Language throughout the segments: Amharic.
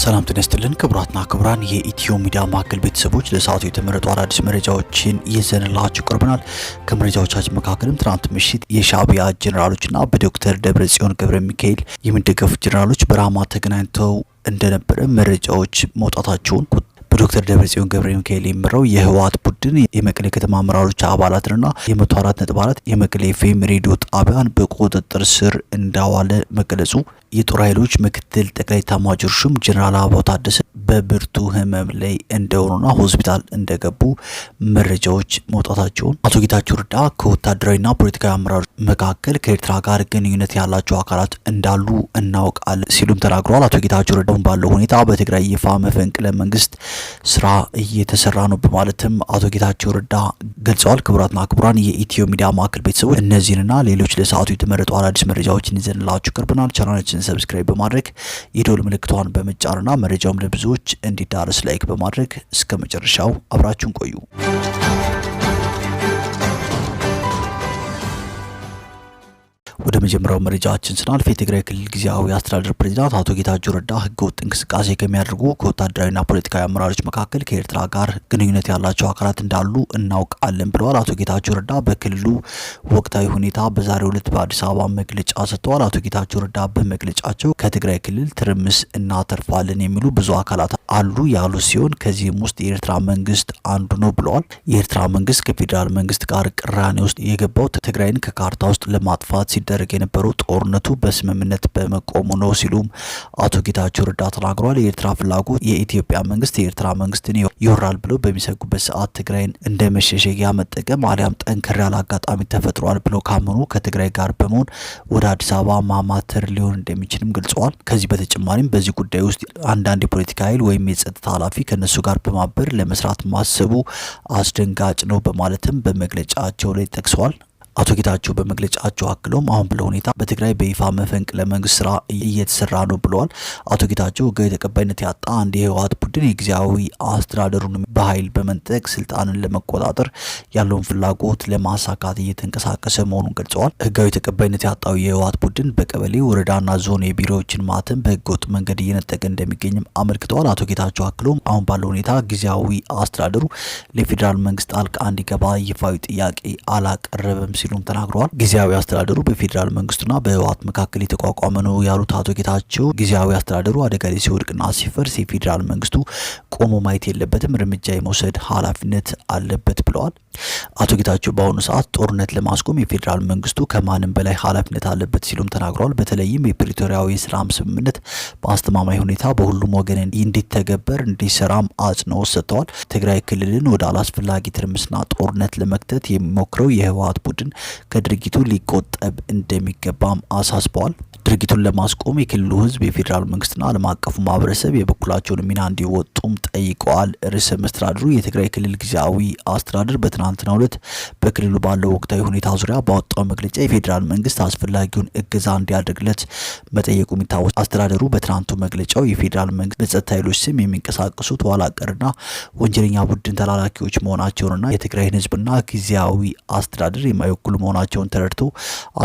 ሰላም ጤና ክቡራትና ክቡራን የኢትዮ ሚዲያ ማዕከል ቤተሰቦች ለሰዓቱ የተመረጡ አዳዲስ መረጃዎችን ይዘንላችሁ ቀርበናል። ከመረጃዎቻችን መካከልም ትናንት ምሽት የሻቢያ ጀኔራሎችና በዶክተር ደብረጽዮን ገብረ ሚካኤል የሚደገፉ ጀኔራሎች በራማ ተገናኝተው እንደነበረ መረጃዎች መውጣታቸውን ዶክተር ደብረጽዮን ገብረ ሚካኤል የሚመራው የህወሓት ቡድን የመቀሌ ከተማ አመራሮች አባላትንና የመቶ አራት ነጥብ አራት የመቀሌ ኤፍኤም ሬዲዮ ጣቢያን በቁጥጥር ስር እንዳዋለ መገለጹ፣ የጦር ኃይሎች ምክትል ጠቅላይ ኤታማዦር ሹም ጀኔራል አበባው ታደሰ በብርቱ ህመም ላይ እንደሆኑና ሆስፒታል እንደገቡ መረጃዎች መውጣታቸውን አቶ ጌታቸው ረዳ ከወታደራዊና ፖለቲካዊ አመራሮች መካከል ከኤርትራ ጋር ግንኙነት ያላቸው አካላት እንዳሉ እናውቃለን ሲሉም ተናግረዋል። አቶ ጌታቸው ረዳውን ባለው ሁኔታ በትግራይ ይፋ መፈንቅለ መንግስት ስራ እየተሰራ ነው በማለትም አቶ ጌታቸው ረዳ ገልጸዋል። ክቡራትና ክቡራን የኢትዮ ሚዲያ ማዕከል ቤተሰቦች እነዚህንና ሌሎች ለሰዓቱ የተመረጡ አዳዲስ መረጃዎችን ይዘንላችሁ ቀርበናል። ቻናላችንን ሰብስክራይብ በማድረግ የደወል ምልክቷን በመጫንና መረጃውም ለብዙዎች እንዲዳረስ ላይክ በማድረግ እስከ መጨረሻው አብራችሁን ቆዩ። መጀመሪያው መረጃችን ስናልፍ የትግራይ ክልል ጊዜያዊ አስተዳደር ፕሬዚዳንት አቶ ጌታቸው ረዳ ህገወጥ እንቅስቃሴ ከሚያደርጉ ከወታደራዊና ፖለቲካዊ አመራሮች መካከል ከኤርትራ ጋር ግንኙነት ያላቸው አካላት እንዳሉ እናውቃለን ብለዋል። አቶ ጌታቸው ረዳ በክልሉ ወቅታዊ ሁኔታ በዛሬው ዕለት በአዲስ አበባ መግለጫ ሰጥተዋል። አቶ ጌታቸው ረዳ በመግለጫቸው ከትግራይ ክልል ትርምስ እናተርፋለን የሚሉ ብዙ አካላት አሉ ያሉ ሲሆን ከዚህም ውስጥ የኤርትራ መንግስት አንዱ ነው ብለዋል። የኤርትራ መንግስት ከፌዴራል መንግስት ጋር ቅራኔ ውስጥ የገባው ትግራይን ከካርታ ውስጥ ለማጥፋት ሲደረግ የነበረው ጦርነቱ በስምምነት በመቆሙ ነው ሲሉም አቶ ጌታቸው ረዳ ተናግረዋል። የኤርትራ ፍላጎት የኢትዮጵያ መንግስት የኤርትራ መንግስትን ይወራል ብለው በሚሰጉበት ሰዓት ትግራይን እንደ መሸሸጊያ መጠቀም አሊያም ጠንከር ያለ አጋጣሚ ተፈጥሯል ብለው ካመኑ ከትግራይ ጋር በመሆን ወደ አዲስ አበባ ማማተር ሊሆን እንደሚችልም ገልጸዋል። ከዚህ በተጨማሪም በዚህ ጉዳይ ውስጥ አንዳንድ የፖለቲካ ኃይል ወይም የጸጥታ ኃላፊ ከእነሱ ጋር በማበር ለመስራት ማሰቡ አስደንጋጭ ነው በማለትም በመግለጫቸው ላይ ጠቅሰዋል። አቶ ጌታቸው በመግለጫቸው አክለውም አሁን ብለው ሁኔታ በትግራይ በይፋ መፈንቅለ መንግስት ስራ እየተሰራ ነው ብለዋል። አቶ ጌታቸው ህጋዊ ተቀባይነት ያጣ አንድ የህወሀት ቡድን የጊዜያዊ አስተዳደሩን በኃይል በመንጠቅ ስልጣንን ለመቆጣጠር ያለውን ፍላጎት ለማሳካት እየተንቀሳቀሰ መሆኑን ገልጸዋል። ህጋዊ ተቀባይነት ያጣው የህወሀት ቡድን በቀበሌ ወረዳና ዞን የቢሮዎችን ማተም በህገወጥ መንገድ እየነጠቀ እንደሚገኝም አመልክተዋል። አቶ ጌታቸው አክለውም አሁን ባለው ሁኔታ ጊዜያዊ አስተዳደሩ ለፌዴራል መንግስት ጣልቃ እንዲገባ ይፋዊ ጥያቄ አላቀረበም ሲሉም ተናግረዋል። ጊዜያዊ አስተዳደሩ በፌዴራል መንግስቱና በህወሓት መካከል የተቋቋመ ነው ያሉት አቶ ጌታቸው ጊዜያዊ አስተዳደሩ አደጋ ላይ ሲወድቅና ሲፈርስ የፌዴራል መንግስቱ ቆሞ ማየት የለበትም፣ እርምጃ የመውሰድ ኃላፊነት አለበት ብለዋል። አቶ ጌታቸው በአሁኑ ሰዓት ጦርነት ለማስቆም የፌዴራል መንግስቱ ከማንም በላይ ኃላፊነት አለበት ሲሉም ተናግረዋል። በተለይም የፕሪቶሪያዊ የሰላም ስምምነት በአስተማማኝ ሁኔታ በሁሉም ወገን እንዲተገበር እንዲሰራም አጽንኦት ሰጥተዋል። ትግራይ ክልልን ወደ አላስፈላጊ ትርምስና ጦርነት ለመክተት የሚሞክረው የህወሀት ቡድን ከድርጊቱ ሊቆጠብ እንደሚገባም አሳስበዋል። ድርጊቱን ለማስቆም የክልሉ ህዝብ፣ የፌዴራል መንግስትና ዓለም አቀፉ ማህበረሰብ የበኩላቸውን ሚና እንዲወጡም ጠይቀዋል። ርዕሰ መስተዳድሩ የትግራይ ክልል ጊዜያዊ አስተዳደር በትናንትናው ዕለት በክልሉ ባለው ወቅታዊ ሁኔታ ዙሪያ ባወጣው መግለጫ የፌዴራል መንግስት አስፈላጊውን እገዛ እንዲያደርግለት መጠየቁ የሚታወስ አስተዳደሩ በትናንቱ መግለጫው የፌዴራል መንግስት በጸጥታ ኃይሎች ስም የሚንቀሳቀሱ ኋላ ቀርና ወንጀለኛ ቡድን ተላላኪዎች መሆናቸውንና የትግራይን ህዝብና ጊዜያዊ አስተዳደር የማይወክሉ መሆናቸውን ተረድቶ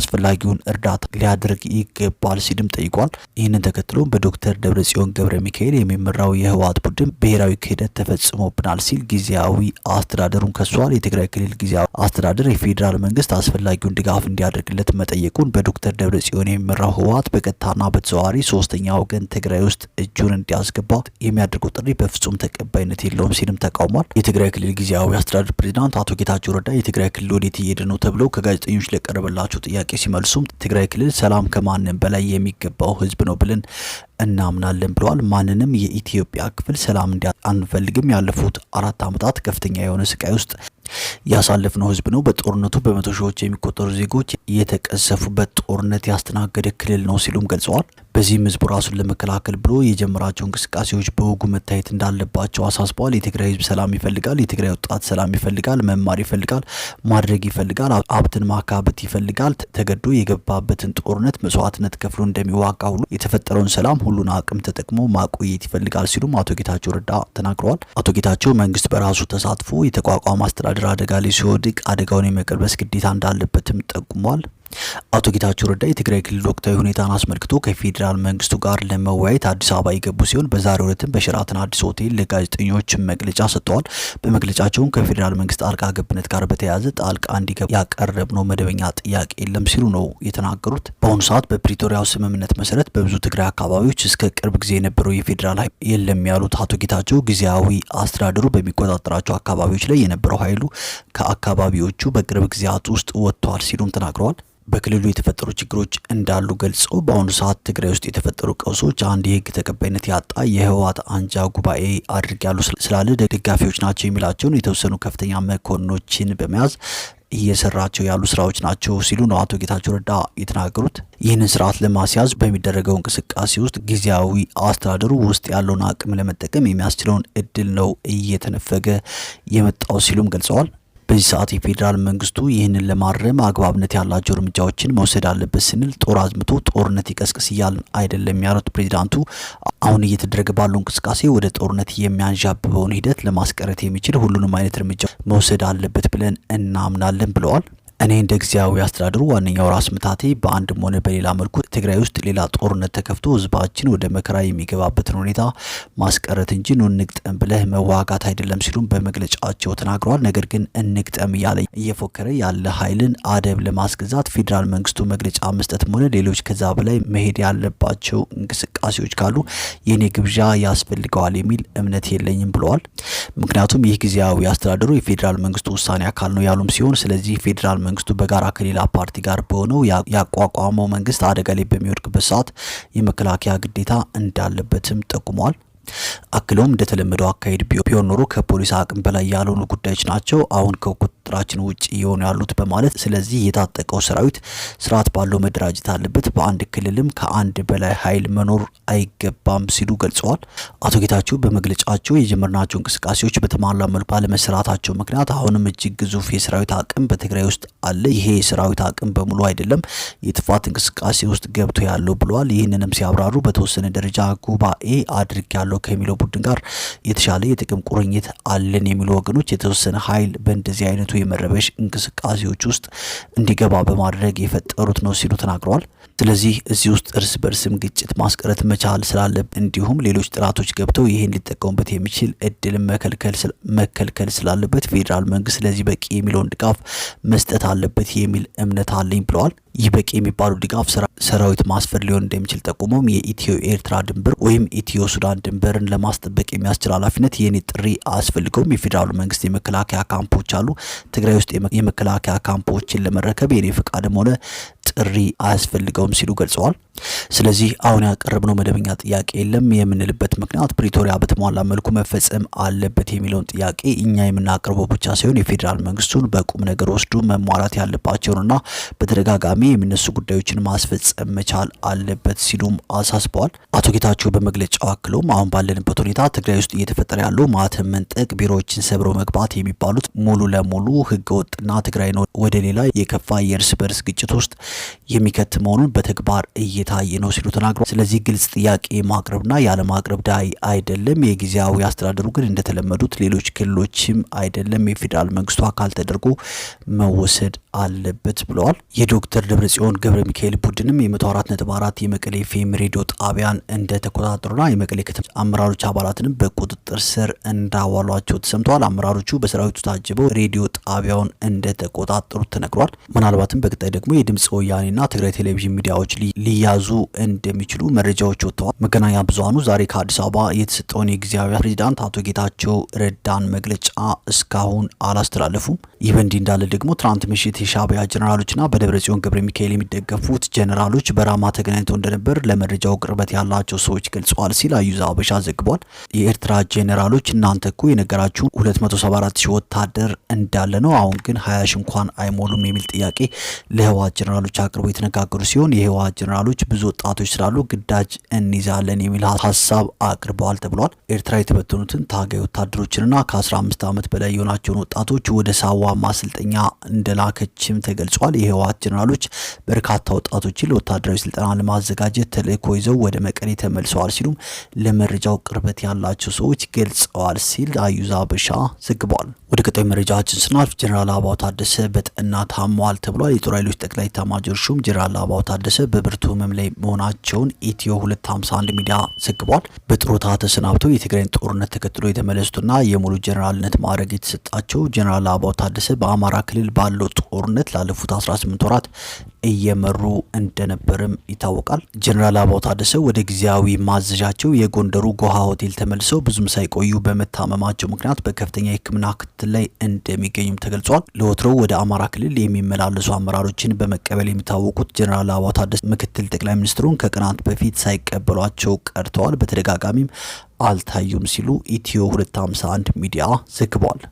አስፈላጊውን እርዳታ ሊያደርግ ይገ ይገባል ሲልም ጠይቋል። ይህንን ተከትሎ በዶክተር ደብረጽዮን ገብረ ሚካኤል የሚመራው የህወሓት ቡድን ብሔራዊ ክህደት ተፈጽሞብናል ሲል ጊዜያዊ አስተዳደሩን ከሷል። የትግራይ ክልል ጊዜያዊ አስተዳደር የፌዴራል መንግስት አስፈላጊውን ድጋፍ እንዲያደርግለት መጠየቁን በዶክተር ደብረጽዮን የሚመራው ህወሓት በቀጥታና በተዘዋዋሪ ሶስተኛ ወገን ትግራይ ውስጥ እጁን እንዲያስገባ የሚያደርገው ጥሪ በፍጹም ተቀባይነት የለውም ሲልም ተቃውሟል። የትግራይ ክልል ጊዜያዊ አስተዳደር ፕሬዚዳንት አቶ ጌታቸው ረዳ የትግራይ ክልል ወዴት እየሄደ ነው ተብለው ከጋዜጠኞች ለቀረበላቸው ጥያቄ ሲመልሱም ትግራይ ክልል ሰላም ከማንም በላይ የሚገባው ህዝብ ነው ብለን እናምናለን ብለዋል። ማንንም የኢትዮጵያ ክፍል ሰላም እንዲ አንፈልግም። ያለፉት አራት ዓመታት ከፍተኛ የሆነ ስቃይ ውስጥ ያሳለፍነው ህዝብ ነው። በጦርነቱ በመቶ ሺዎች የሚቆጠሩ ዜጎች የተቀሰፉበት ጦርነት ያስተናገደ ክልል ነው ሲሉም ገልጸዋል። በዚህም ህዝቡ ራሱን ለመከላከል ብሎ የጀመራቸው እንቅስቃሴዎች በወጉ መታየት እንዳለባቸው አሳስበዋል። የትግራይ ህዝብ ሰላም ይፈልጋል። የትግራይ ወጣት ሰላም ይፈልጋል። መማር ይፈልጋል። ማድረግ ይፈልጋል። ሀብትን ማካበት ይፈልጋል። ተገዶ የገባበትን ጦርነት መስዋዕትነት ከፍሎ እንደሚዋጋ ሁሉ የተፈጠረውን ሰላም ሁሉን አቅም ተጠቅሞ ማቆየት ይፈልጋል ሲሉም አቶ ጌታቸው ረዳ ተናግረዋል። አቶ ጌታቸው መንግስት በራሱ ተሳትፎ የተቋቋመ አስተዳደር አደጋ ላይ ሲወድቅ አደጋውን የመቀልበስ ግዴታ እንዳለበትም ጠቁሟል። አቶ ጌታቸው ረዳ የትግራይ ክልል ወቅታዊ ሁኔታን አስመልክቶ ከፌዴራል መንግስቱ ጋር ለመወያየት አዲስ አበባ የገቡ ሲሆን በዛሬው ዕለትም በሸራተን አዲስ ሆቴል ለጋዜጠኞች መግለጫ ሰጥተዋል። በመግለጫቸውም ከፌዴራል መንግስት ጣልቃ ገብነት ጋር በተያያዘ ጣልቃ እንዲገባ ያቀረብነው መደበኛ ጥያቄ የለም ሲሉ ነው የተናገሩት። በአሁኑ ሰዓት በፕሪቶሪያው ስምምነት መሰረት በብዙ ትግራይ አካባቢዎች እስከ ቅርብ ጊዜ የነበረው የፌዴራል ኃይል የለም ያሉት አቶ ጌታቸው ጊዜያዊ አስተዳደሩ በሚቆጣጠራቸው አካባቢዎች ላይ የነበረው ኃይሉ ከአካባቢዎቹ በቅርብ ጊዜያት ውስጥ ወጥተዋል ሲሉም ተናግረዋል። በክልሉ የተፈጠሩ ችግሮች እንዳሉ ገልጾ በአሁኑ ሰዓት ትግራይ ውስጥ የተፈጠሩ ቀውሶች አንድ የህግ ተቀባይነት ያጣ የህወሓት አንጃ ጉባኤ አድርግ ያሉ ስላለ ደጋፊዎች ናቸው የሚላቸውን የተወሰኑ ከፍተኛ መኮንኖችን በመያዝ እየሰራቸው ያሉ ስራዎች ናቸው ሲሉ ነው አቶ ጌታቸው ረዳ የተናገሩት። ይህንን ስርዓት ለማስያዝ በሚደረገው እንቅስቃሴ ውስጥ ጊዜያዊ አስተዳደሩ ውስጥ ያለውን አቅም ለመጠቀም የሚያስችለውን እድል ነው እየተነፈገ የመጣው ሲሉም ገልጸዋል። በዚህ ሰዓት የፌዴራል መንግስቱ ይህንን ለማረም አግባብነት ያላቸው እርምጃዎችን መውሰድ አለበት ስንል ጦር አዝምቶ ጦርነት ይቀስቅስ እያልን አይደለም ያሉት ፕሬዚዳንቱ አሁን እየተደረገ ባለው እንቅስቃሴ ወደ ጦርነት የሚያንዣብበውን ሂደት ለማስቀረት የሚችል ሁሉንም አይነት እርምጃ መውሰድ አለበት ብለን እናምናለን ብለዋል። እኔ እንደ ጊዜያዊ አስተዳደሩ ዋነኛው ራስ ምታቴ በአንድም ሆነ በሌላ መልኩ ትግራይ ውስጥ ሌላ ጦርነት ተከፍቶ ህዝባችን ወደ መከራ የሚገባበትን ሁኔታ ማስቀረት እንጂ ኑ እንግጠም ብለህ መዋጋት አይደለም ሲሉም በመግለጫቸው ተናግረዋል። ነገር ግን እንግጠም እያለ እየፎከረ ያለ ኃይልን አደብ ለማስገዛት ፌዴራል መንግስቱ መግለጫ መስጠትም ሆነ ሌሎች ከዛ በላይ መሄድ ያለባቸው እንቅስቃሴዎች ካሉ የእኔ ግብዣ ያስፈልገዋል የሚል እምነት የለኝም ብለዋል። ምክንያቱም ይህ ጊዜያዊ አስተዳደሩ የፌዴራል መንግስቱ ውሳኔ አካል ነው ያሉም ሲሆን ስለዚህ ፌዴራል መንግስቱ በጋራ ከሌላ ፓርቲ ጋር በሆነው ያቋቋመው መንግስት አደጋ ላይ በሚወድቅበት ሰዓት የመከላከያ ግዴታ እንዳለበትም ጠቁሟል። አክለውም እንደተለመደው አካሄድ ቢሆን ኖሮ ከፖሊስ አቅም በላይ ያልሆኑ ጉዳዮች ናቸው። አሁን ከቁጥጥራችን ውጭ እየሆኑ ያሉት በማለት ስለዚህ የታጠቀው ሰራዊት ስርዓት ባለው መደራጀት አለበት፣ በአንድ ክልልም ከአንድ በላይ ኃይል መኖር አይገባም ሲሉ ገልጸዋል። አቶ ጌታቸው በመግለጫቸው የጀመርናቸው እንቅስቃሴዎች በተሟላ መልኩ ባለመሰራታቸው ምክንያት አሁንም እጅግ ግዙፍ የሰራዊት አቅም በትግራይ ውስጥ አለ። ይሄ የሰራዊት አቅም በሙሉ አይደለም የጥፋት እንቅስቃሴ ውስጥ ገብቶ ያለው ብለዋል። ይህንንም ሲያብራሩ በተወሰነ ደረጃ ጉባኤ አድርግ ያለው ከሚለው ቡድን ጋር የተሻለ የጥቅም ቁርኝት አለን የሚሉ ወገኖች የተወሰነ ኃይል በእንደዚህ አይነቱ የመረበሽ እንቅስቃሴዎች ውስጥ እንዲገባ በማድረግ የፈጠሩት ነው ሲሉ ተናግረዋል። ስለዚህ እዚህ ውስጥ እርስ በርስም ግጭት ማስቀረት መቻል ስላለብ እንዲሁም ሌሎች ጥራቶች ገብተው ይህን ሊጠቀሙበት የሚችል እድል መከልከል ስላለበት ፌዴራል መንግስት ለዚህ በቂ የሚለውን ድጋፍ መስጠት አለበት የሚል እምነት አለኝ ብለዋል። ይህ በቂ የሚባሉ ድጋፍ ሰራዊት ማስፈር ሊሆን እንደሚችል ጠቁሞም የኢትዮ ኤርትራ ድንበር ወይም ኢትዮ ሱዳን ድንበርን ለማስጠበቅ የሚያስችል ኃላፊነት የኔ ጥሪ አያስፈልገውም። የፌዴራሉ መንግስት የመከላከያ ካምፖች አሉ። ትግራይ ውስጥ የመከላከያ ካምፖችን ለመረከብ የኔ ፍቃድም ሆነ ጥሪ አያስፈልገውም ሲሉ ገልጸዋል። ስለዚህ አሁን ያቀረብነው መደበኛ ጥያቄ የለም የምንልበት ምክንያት ፕሪቶሪያ በተሟላ መልኩ መፈጸም አለበት የሚለውን ጥያቄ እኛ የምናቀርበው ብቻ ሳይሆን የፌዴራል መንግስቱን በቁም ነገር ወስዱ መሟላት ያለባቸውንና በተደጋጋሚ የሚነሱ ጉዳዮችን ማስፈጸም መቻል አለበት ሲሉም አሳስበዋል። አቶ ጌታቸው በመግለጫው አክለውም አሁን ባለንበት ሁኔታ ትግራይ ውስጥ እየተፈጠረ ያሉ ማተም መንጠቅ፣ ቢሮዎችን ሰብሮ መግባት የሚባሉት ሙሉ ለሙሉ ህገወጥና ነው ወደ ሌላ የከፋ የእርስ በርስ ግጭት ውስጥ የሚከት መሆኑን በተግባር እየታየ ነው ሲሉ ተናግሯል። ስለዚህ ግልጽ ጥያቄ ማቅረብና ያለማቅረብ ዳይ አይደለም። የጊዜያዊ አስተዳደሩ ግን እንደተለመዱት ሌሎች ክልሎችም አይደለም የፌዴራል መንግስቱ አካል ተደርጎ መወሰድ አለበት ብለዋል። የዶክተር ደብረጽዮን ገብረ ሚካኤል ቡድንም የ104.4 የመቀሌ ኤፍኤም ሬዲዮ ጣቢያን እንደተቆጣጠሩና የመቀሌ ከተማ አመራሮች አባላትንም በቁጥጥር ስር እንዳዋሏቸው ተሰምተዋል። አመራሮቹ በሰራዊቱ ታጅበው ሬዲዮ ጣቢያውን እንደተቆጣጠሩ ተነግሯል። ምናልባትም በቀጣይ ደግሞ የድምፅ ወያኔና ትግራይ ቴሌቪዥን ሚዲያዎች ሊያዙ እንደሚችሉ መረጃዎች ወጥተዋል። መገናኛ ብዙሀኑ ዛሬ ከአዲስ አበባ የተሰጠውን የጊዜያዊ ፕሬዚዳንት አቶ ጌታቸው ረዳን መግለጫ እስካሁን አላስተላለፉም። ይህ በእንዲህ እንዳለ ደግሞ ትናንት ምሽት የሻዕቢያ ጀነራሎችና በደብረ ጽዮን ገብረ ሚካኤል የሚደገፉት ጀነራሎች በራማ ተገናኝተው እንደነበር ለመረጃው ቅርበት ያላቸው ሰዎች ገልጸዋል ሲል አዩዘ አበሻ ዘግቧል። የኤርትራ ጀነራሎች እናንተ እኮ የነገራችሁን 274 ሺህ ወታደር እንዳለ ነው፣ አሁን ግን ሀያ ሺህ እንኳን አይሞሉም የሚል ጥያቄ ለህወሓት ጀነራሎች አቅርቦ የተነጋገሩ ሲሆን የህወሓት ጀነራሎች ብዙ ወጣቶች ስላሉ ግዳጅ እንይዛለን የሚል ሀሳብ አቅርበዋል ተብሏል። ኤርትራ የተበተኑትን ታጋይ ወታደሮችንና ከ15 ዓመት በላይ የሆናቸውን ወጣቶች ወደ ሳዋ ማሰልጠኛ እንደላከች መሆናቸውም ተገልጿል። የህወሀት ጀነራሎች በርካታ ወጣቶችን ለወታደራዊ ስልጠና ለማዘጋጀት ተልእኮ ይዘው ወደ መቀሌ ተመልሰዋል ሲሉም ለመረጃው ቅርበት ያላቸው ሰዎች ገልጸዋል ሲል አዩዛ በሻ ዘግቧል። ወደ ቀጣዩ መረጃችን ስናልፍ ጀነራል አባው ታደሰ በጠና ታሟል ተብሏል። የጦር ኃይሎች ጠቅላይ ኤታማዦር ሹም ጀነራል አባው ታደሰ በብርቱ ህመም ላይ መሆናቸውን ኢትዮ 251 ሚዲያ ዘግቧል። በጥሮታ ተሰናብተው የትግራይን ጦርነት ተከትሎ የተመለሱትና የሙሉ ጀነራልነት ማዕረግ የተሰጣቸው ጀነራል አባው ታደሰ በአማራ ክልል ባለው ጦር ጦርነት ላለፉት 18 ወራት እየመሩ እንደነበርም ይታወቃል። ጀኔራል አበባው ታደሰ ወደ ጊዜያዊ ማዘዣቸው የጎንደሩ ጎሃ ሆቴል ተመልሰው ብዙም ሳይቆዩ በመታመማቸው ምክንያት በከፍተኛ የሕክምና ክትትል ላይ እንደሚገኙም ተገልጿል። ለወትሮው ወደ አማራ ክልል የሚመላለሱ አመራሮችን በመቀበል የሚታወቁት ጀኔራል አበባው ታደሰ ምክትል ጠቅላይ ሚኒስትሩን ከቀናት በፊት ሳይቀበሏቸው ቀርተዋል። በተደጋጋሚም አልታዩም ሲሉ ኢትዮ 251 ሚዲያ ዘግቧል።